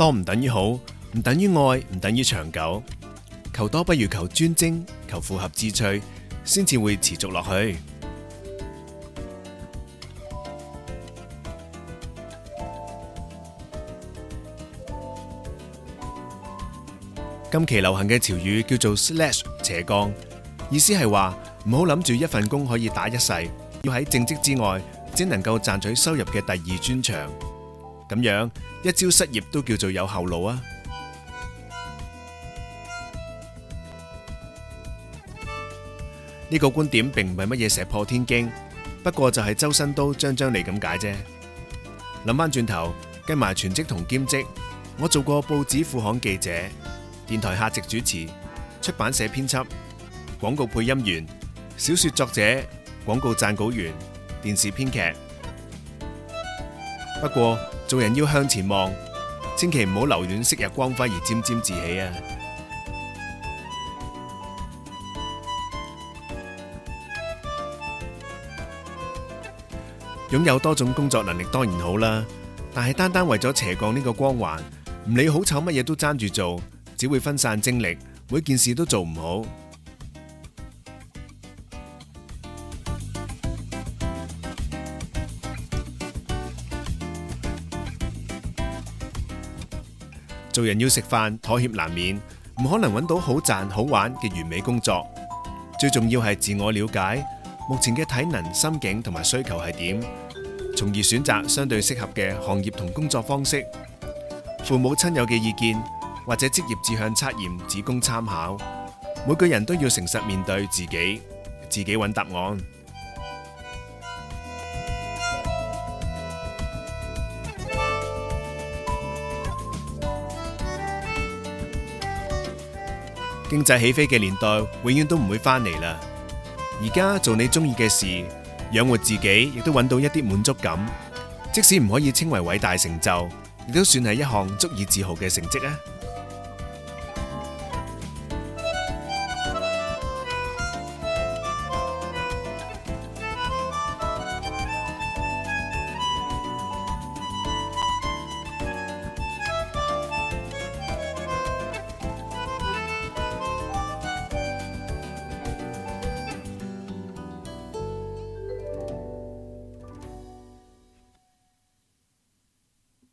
多唔等於好，唔等於愛，唔等於長久。求多不如求專精，求符合志趣，先至會持續落去。今期流行嘅潮語叫做 Slash 斜槓，意思係話唔好諗住一份工可以打一世，要喺正職之外，只能夠賺取收入嘅第二專長。咁樣一朝失業都叫做有後路啊！呢個觀點並唔係乜嘢石破天驚，不過就係周身刀，張張利嚟咁解啫。諗返轉頭，跟埋全職同兼職，我做過報紙副刊記者、電台客席主持、出版社編輯、廣告配音員、小說作者、廣告撰稿員、電視編劇。不過做人要向前望，千祈唔好留戀昔日光輝而沾沾自喜啊！擁 有多種工作能力當然好啦，但係單單為咗斜槓呢個光環，唔理好醜乜嘢都爭住做，只會分散精力，每件事都做唔好。做人要食飯，妥協難免，唔可能揾到好賺好玩嘅完美工作。最重要係自我了解，目前嘅體能、心境同埋需求係點，從而選擇相對適合嘅行業同工作方式。父母親友嘅意見或者職業志向測驗，只供參考。每個人都要誠實面對自己，自己揾答案。經濟起飛嘅年代永遠都唔會翻嚟啦，而家做你中意嘅事，養活自己，亦都揾到一啲滿足感，即使唔可以稱為偉大成就，亦都算係一項足以自豪嘅成績啊！